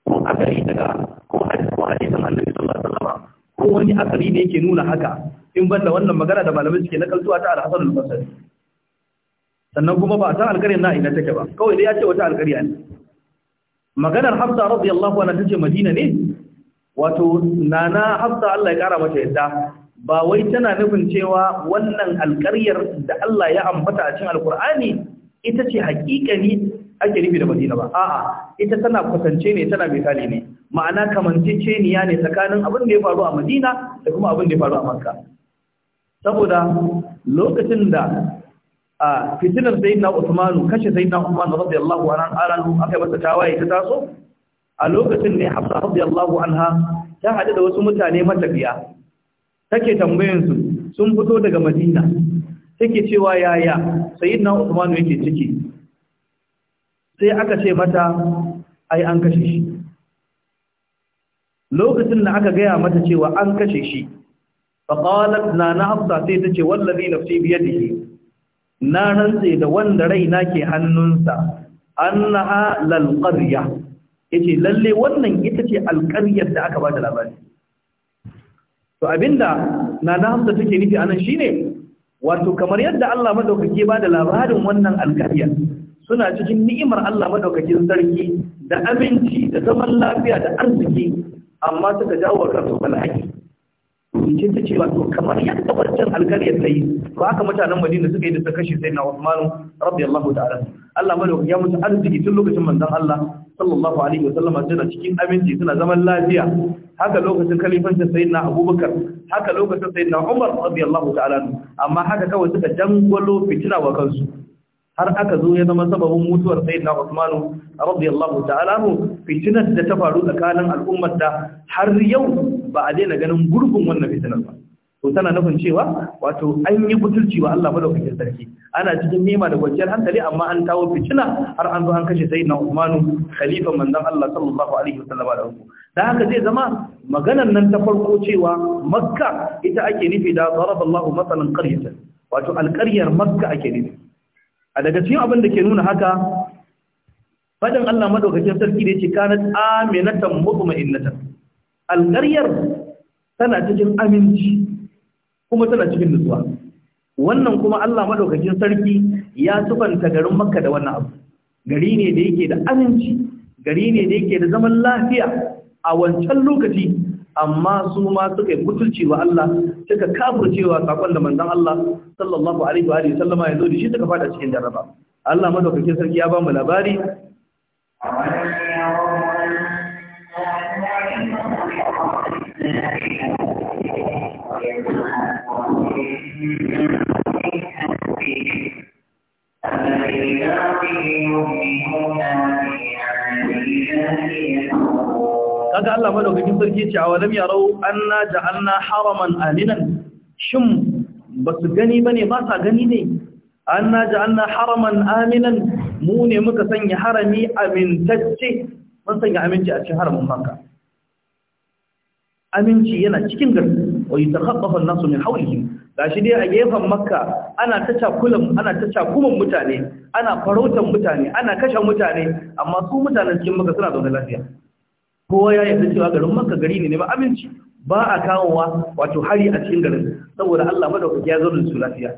ko akari daga ko hadisin annabi sallallahu alaihi wasallam ko wani akari ne yake nuna haka in ban da wannan magana da malamai suke nakaltuwa ta al-Hasan al-Basri sannan kuma ba ta alƙaryar na ina take ba kawai dai ya ce wata alƙarya ne maganar Hafsa radiyallahu anha tace Madina ne wato nana Hafsa Allah ya kara mata yadda ba wai tana nufin cewa wannan alƙaryar da Allah ya ambata a cin alƙur'ani ita ce haƙiƙani ake nufi da Madina ba a'a ita tana kusance ne tana misali ne ma'ana kamanceceniya ne tsakanin abin da ya faru a Madina da kuma abin da ya faru a Makka saboda lokacin da a fitinar sayyidina Uthman kashe sayyidina Uthman radiyallahu anhu aka masa tawaye ta taso a lokacin ne Hafsa radiyallahu anha ta hadu da wasu mutane matafiya take tambayansu sun fito daga madina take cewa yaya sayyidina usman yake ciki sai aka ce mata ai an kashe shi lokacin da aka gaya mata cewa an kashe shi faƙalar na na hafsa sai ta ce wallazi nafsi ke. na rantse da wanda raina ke hannunsa annaha ya yace lalle wannan ita ce alƙaryar da aka bada labari to abinda nana hamsa take nufi anan shine wato kamar yadda Allah madaukake ba da labarin wannan alƙarya suna cikin ni'imar Allah madaukakin sarki da abinci da zaman lafiya da arziki amma suka jawo kansu bala'i in ta ce wato kamar yadda wancan alkariyar ya yi ba haka mutanen madina suka yi da ta kashe sai na usmanu rabbi allahu ta'ala allah malaka ya musu arziki tun lokacin manzon allah sallallahu alaihi wasallama suna cikin aminci suna zaman lafiya haka lokacin kalifancin na abubakar haka lokacin na umar rabbi allahu ta'ala amma haka kawai suka jangwalo fitina wa kansu har aka zo ya zama sababin mutuwar sayyidina usmanu radiyallahu ta'ala fitinar da ta faru tsakanin al'ummar da har yau ba a daina ganin gurbin wannan fitinar ba to tana nufin cewa wato an yi butulci wa Allah madaukakin sarki ana cikin nema da kwanciyar hankali amma an tawo fitina har an zo an kashe sayyidina Uthman khalifan manzon Allah sallallahu alaihi wasallam da uku dan haka zai zama maganar nan ta farko cewa Makka ita ake nufi da daraballahu masalan qaryatan wato alqaryar Makka ake nufi a daga cikin abin da ke nuna haka fadin Allah madaukakin sarki da yake kanat aminatan mutma'innatan alqaryar tana cikin aminci kuma tana cikin nutsuwa wannan kuma Allah madaukakin sarki ya sufanta garin Makka da wannan abu gari ne da yake da aminci gari ne da yake da zaman lafiya a wancan lokaci amma su ma suka yi mutunci wa Allah suka kafircewa sakon da manzon Allah sallallahu alaihi wa sallama ya zo da shi suka fada cikin jarraba Allah madaukakin sarki ya ba mu labari أولم يروا kaga Allah madaukakin sarki ce awalam yarau anna haraman aminan shin su gani ne ba sa gani ne an na ji an na haraman aminan mu ne muka sanya harami amintacce mun sanya aminci a cikin haramin maka aminci yana cikin garin wa yi takhaffafan nasu min haulihi gashi dai a gefen makka ana ta cakulan ana ta cakuman mutane ana farautan mutane ana kashe mutane amma su mutanen cikin makka suna zaune lafiya kowa ya yarda cewa garin makka gari ne ba aminci ba a kawowa wato hari a cikin garin saboda Allah madaukaki ya zo da su lafiya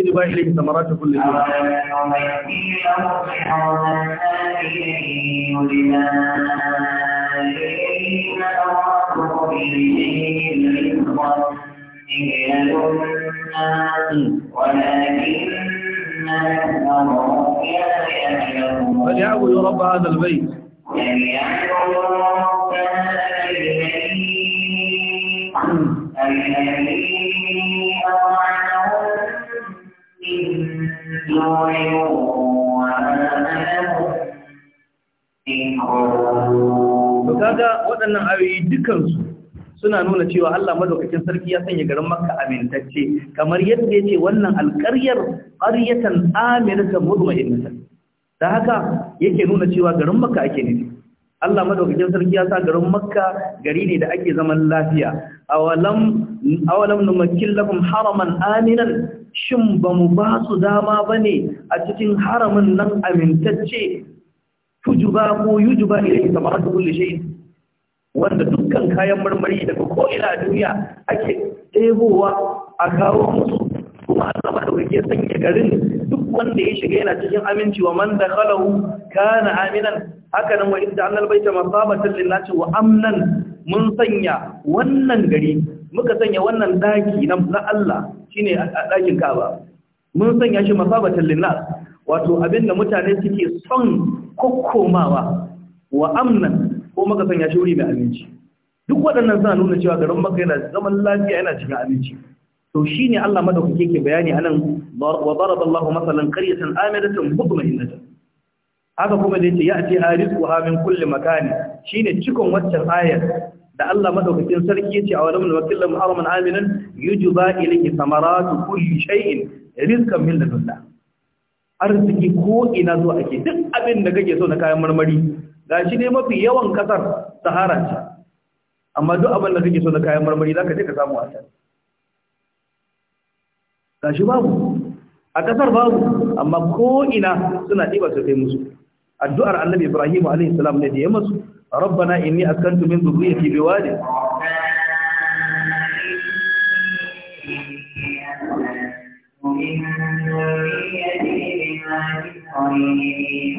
يجمع إليه ثمرات كل شيء فليعبدوا رب هذا البيت فليعبدوا رب هذا البيت الذي kaga waɗannan ayoyi dukansu suna nuna cewa Allah madaukakin sarki ya sanya garin Makka amintacce kamar yadda yace wannan alƙaryar qaryatan aminatan mutma'innatan da haka yake nuna cewa garin Makka ake nufi Allah madaukakin sarki ya sa garin Makka gari ne da ake zaman lafiya awalam awalam numakkil lakum haraman aminan shin ba mu ba su dama bane a cikin haramin nan amintacce tujuba ko yujuba ilayhi samaratu kulli shay'in wanda dukkan kayan marmari daga ko'ina a duniya ake ɗebowa a kawo musu kuma a zama da wake sanya garin duk wanda ya shiga yana cikin aminci wa man dakhalahu kana aminan haka nan wa inda annal baita masabatan lillahi wa amnan mun sanya wannan gari muka sanya wannan daki na Allah shine a dakin Kaaba mun sanya shi masabatan lillahi wato abinda mutane suke son kokkomawa wa amnan kuma ka sanya shi wuri mai aminci duk waɗannan suna nuna cewa garin maka yana zaman lafiya yana cikin aminci to ne Allah madaukake ke bayani anan wa daraba Allah masalan qaryatan amiratan mutma'innatan haka kuma da ce a harizquha min kulli makani shine cikon waccan ayar da Allah madaukakin sarki ce a walam wakillam haraman aminan yujba ilayhi samaratu kulli shay'in rizqan min ladunna arziki ko ina zuwa ake duk abin da kake so na kayan marmari gashi ne mafi yawan kasar sahara ce amma duk abin da kake so na kayan marmari zaka je ka samu a can Ga shi babu a kasar babu amma ko ina suna diba su kai musu addu'ar annabi Ibrahim alaihi salam ne da ya masu rabbana inni askantu min dhurriyyati biwadin من ذريتي بما في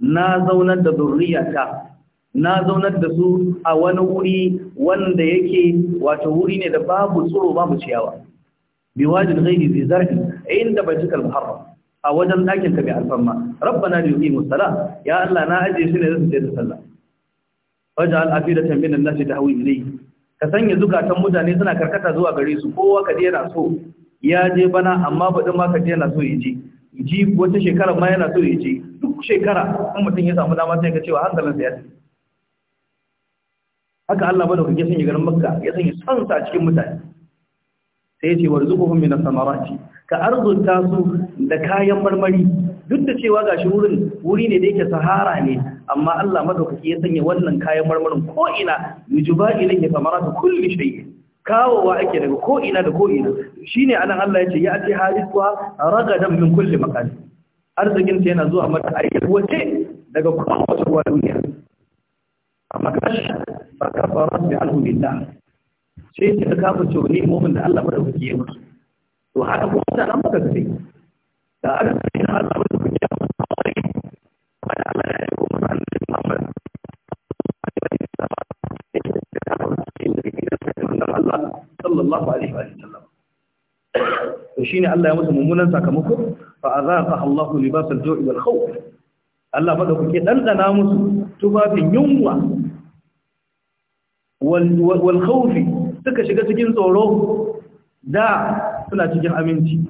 na zaunar da zurriyata na zaunar da su a wani wuri wanda yake wato wuri ne da babu tsoro babu ciyawa wajin ghairi bi zarfi inda bai cika muharram a wajen ɗakin ka bai alfarma rabbana li yuqimu salla ya Allah na aje shi ne zai da sallah waj'al afidatan minan nasi tahwi ilayhi ka sanya zukatan mutane suna karkata zuwa gare su kowa ka je yana so ya je bana amma baɗin ma ka je yana so ya je ji wata shekara ma yana so ya ce duk shekara in mutum ya samu dama sai ka cewa sa ya haka Allah bada kuke sanya garin Makka ya sanya sansa a cikin mutane sai ya ce warzuquhum min as-samarati ka arzuta su da kayan marmari duk da cewa gashi wurin wuri ne da yake sahara ne amma Allah madaukaki ya sanya wannan kayan marmarin ko ina yujba ilayhi thamaratu kulli shay'in kawowa ake daga ko'ina da ko'ina shi ne anan Allah ya ce ya ce harisuwa ragadan min kulle makani arzikinta yana zuwa mata aikin wace daga kowace ruwa duniya a makashi ba kafa da alhamdulillah sai ce ta kafa ce wani mumin da Allah bada kuke musu to haka kuma ta an maka sai da aka kai na Allah bada kuke musu Allah ya yi kuma Allah ya sallallahu alaihi wa sallam to shine Allah ya musu mummunan sakamako fa azaqa Allahu libas al-ju'i wal khawf Allah madaukake dandana musu tufafin yunwa wal khawf suka shiga cikin tsoro da suna cikin aminci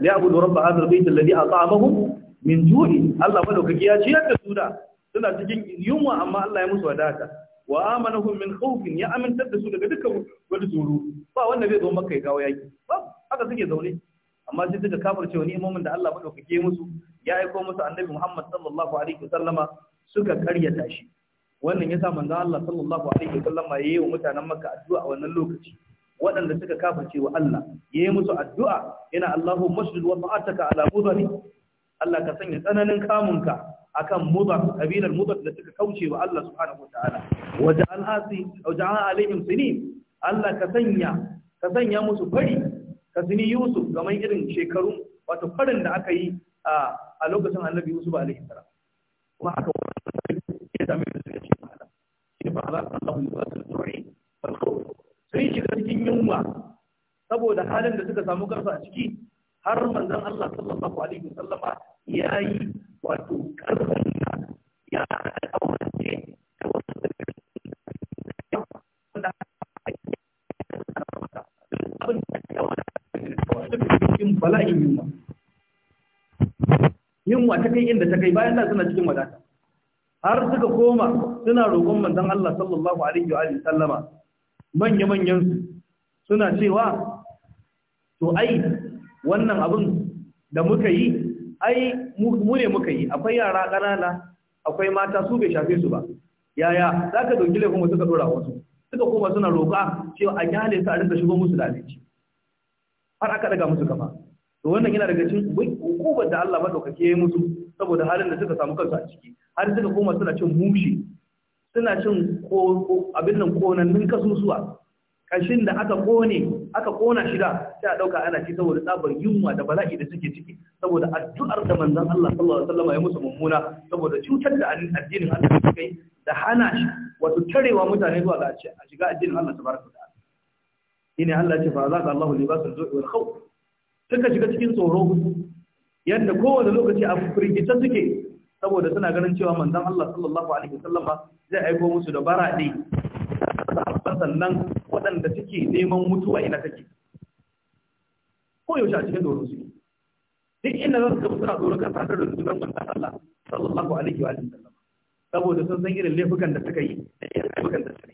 liyabudu rabb hadha al-bayt alladhi at'amahum min ju'i Allah madaukake ya ciyar da su da suna cikin yunwa amma Allah ya musu wadata wa amanahum min khawfin ya amintar da su daga dukkan wani tsoro ba wanda zai zo maka ya kawo yaki ba haka suke zaune amma sai suka kafirce wani imamin da Allah madaukake musu ya aiko musu annabi Muhammad sallallahu alaihi wasallama suka karyata shi wannan yasa manzo Allah sallallahu alaihi wasallama yayi wa mutanen Makka addu'a a wannan lokaci waɗanda suka kafirce wa Allah yayi musu addu'a yana Allahumma masjid wa fa'ataka ala mudhari Allah ka sanya tsananin kamunka akan mudar kabilar mudar da suka kauce wa Allah subhanahu wataala hasi alhasi waje alaihim sinin Allah ka sanya ka sanya musu fari ka sini Yusuf kamar irin shekaru wato farin da aka yi a lokacin Annabi Yusuf alaihi salam kuma aka ya same da su cikin shi ba za ka samu ba su tsore sai shiga cikin yunwa saboda halin da suka samu kansu a ciki har manzon Allah sallallahu alaihi wasallama yayi wato ƙarfin ya da wasu abin da ya bala'in yunwa yunwa ta kai inda ta kai bayan da suna cikin wadata har suka koma suna roƙon manzon Allah sallallahu alaihi wa sallama manya-manyan su suna cewa to ai wannan abin da muka yi ai mu ne muka yi akwai yara ƙanana akwai mata su bai shafe su ba yaya za ka dauki laifin suka ka dora wasu suka koma suna roƙa cewa a gyale su a rinka shigo musu da abinci har aka daga musu kafa to wannan yana daga cikin hukumar da Allah madaukake ya musu saboda halin da suka samu kansu a ciki har suka koma suna cin mushi suna cin abin nan konannin kasusuwa kashin da aka kone aka kona shi da sai a dauka ana ci saboda tsabar yunwa da bala'i da suke ciki saboda addu'ar da manzon Allah sallallahu alaihi wasallam ya musu mummuna saboda cutar da addinin Allah suka kai da hana shi wato tarewa mutane zuwa ga a shiga addinin Allah tabaraka wa ta'ala ina Allah ya ce fa zaka Allahu libasul zu'i wal khawf suka shiga cikin tsoro yadda kowane lokaci a firgita suke saboda suna ganin cewa manzon Allah sallallahu alaihi wasallam zai aiko musu da barade sannan waɗanda suke neman mutuwa ina take ko yaushe a cikin doron su duk inda za su ka suna doron ka sadar da sunan manzon Allah sallallahu alaihi wa sallam saboda sun san irin laifukan da suka yi da irin laifukan da suka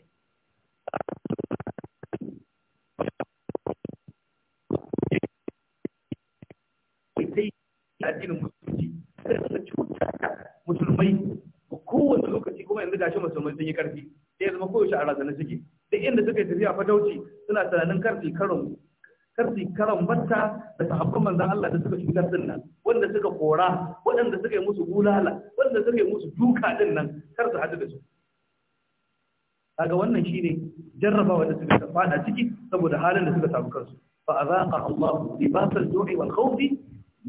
yi sai addinin musulunci sai su cuta musulmai kowane lokaci kuma yanzu gashi musulmai sun yi karfi sai zama koyaushe a razana suke duk inda suka yi tafiya fadauci suna tunanin karfi karon karfi karon batta da sahabban manzon Allah da suka shiga din nan wanda suka kora waɗanda suka yi musu bulala wanda suka yi musu duka din nan kar su hadu da su kaga wannan shine jarraba da suka fada ciki saboda halin da suka samu kansu fa azaqa Allah libasal ju'i wal khawfi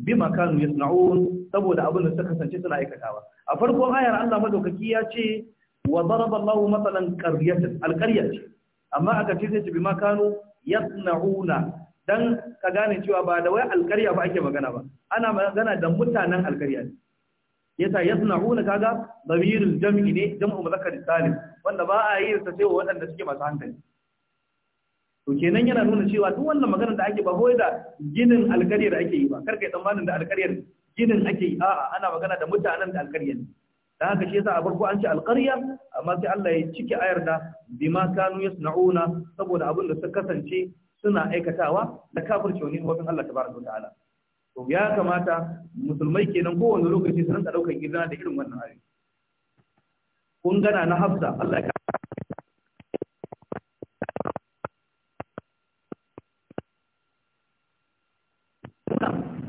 bima kanu yasna'un saboda abin da suka kasance suna aikatawa a farkon ayar Allah madaukaki ya ce wa daraba Allahu matsalan qaryatan alqarya ce amma aka ce sai bi makano yasnauna dan ka gane cewa ba da wai alqarya ba ake magana ba ana magana da mutanen alqarya ne yasa yasnauna kaga damirul jam'i ne jam'u muzakkar salim wanda ba a yi sa sai waɗanda suke masu hankali to kenan yana nuna cewa duk wannan magana da ake ba hoyi da ginin da ake yi ba karka yi tsammanin da alƙaryar ginin ake yi a'a ana magana da mutanen da alƙaryar dan haka shi yasa a farko an ce alƙarya amma sai Allah ya ciki ayar da bima kanu yasnauna saboda abin da suka kasance suna aikatawa da kafirce wani wajen Allah tabaraka ta'ala to ya kamata musulmai kenan kowane lokaci su rinka daukar gizana da irin wannan abin. kun gana na Hafsa Allah ya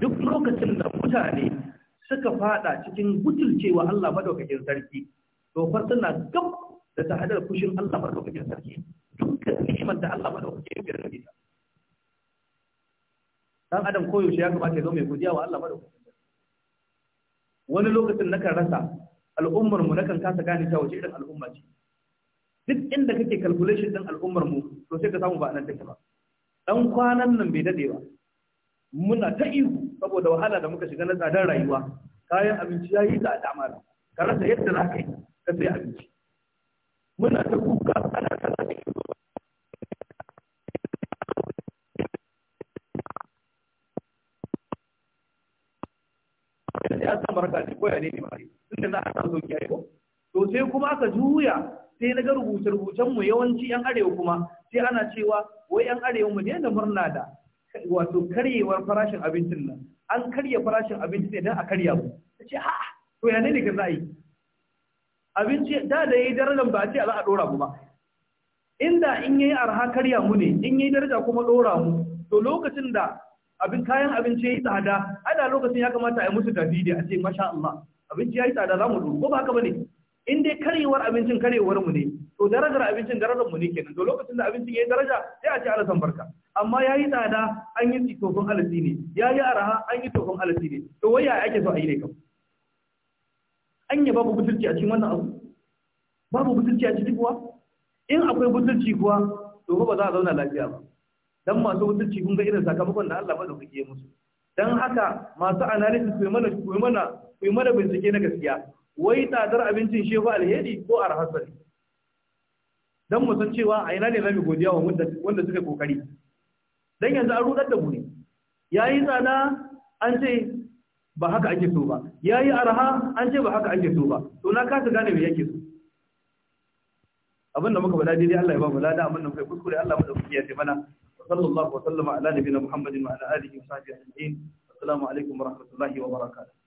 duk lokacin da mutane suka fada cikin butulcewa Allah madaukakin sarki to fa suna gab da ta hadar kushin Allah madaukakin sarki dukkan ni'imar da Allah madaukakin ya rage ta dan adam shi ya kamata ya zo mai godiya wa Allah madaukakin sarki wani lokacin nakan rasa al'ummar mu nakan kasa gane ta wace irin al'umma ce duk inda kake calculation din al'ummar mu to sai ka samu ba nan take ba dan kwanan nan bai dade ba muna ta ihu saboda wahala da muka shiga na tsadar rayuwa kayan abinci ya yi da mana ka rasa yadda za ka yi ka sai abinci muna ta kuka ana ta za ka ya sa barka ce koya ne ne mai tun da za a san sauki aiko to sai kuma aka juya sai na ga rubuce rubucen mu yawanci yan arewa kuma sai ana cewa wai yan arewa mu daina murna da wato karyewar farashin abincin nan an karya farashin abinci ne don a karya mu ta ce ha to ya ne ne za a yi abinci da da ya yi darajar ba a ce za a ɗora mu ba inda in yi arha karya mu ne in yi daraja kuma ɗora mu to lokacin da abin kayan abinci ya yi tsada ana lokacin ya kamata a yi musu da a ce masha Allah abinci ya yi tsada za mu ɗora ko ba haka ba ne in dai karyewar abincin karyewar mu ne to darajar abincin darajar mu ne kenan to lokacin da abincin ya yi daraja sai a ce ana san barka amma ya yi tsada an yi tofin alasi ne ya yi araha an yi tofin alasi ne to wai ya ake so a yi ne kam an yi babu butulci a cikin wannan abu babu butulci a cikin kuwa in akwai butulci kuwa to ba za a zauna lafiya ba dan masu butulci kun ga irin sakamakon da Allah madaukake musu dan haka masu analysis ku mana ku mana ku mana bincike na gaskiya wai tsadar abincin shehu alheri ko arhasani dan mu san cewa a ina ne zamu godiya wa wanda suka kokari dan yanzu an rudar da mu ne yayi tsada an ce ba haka ake so ba yayi arha an ce ba haka ake so ba to na kasa gane me yake so abin da muka bada daidai Allah ya ba mu lada abin da muka kuskure Allah mu dauki ya mana sallallahu wa sallama ala nabiyina muhammadin wa ala alihi wa sahbihi ajma'in assalamu alaikum wa rahmatullahi wa barakatuh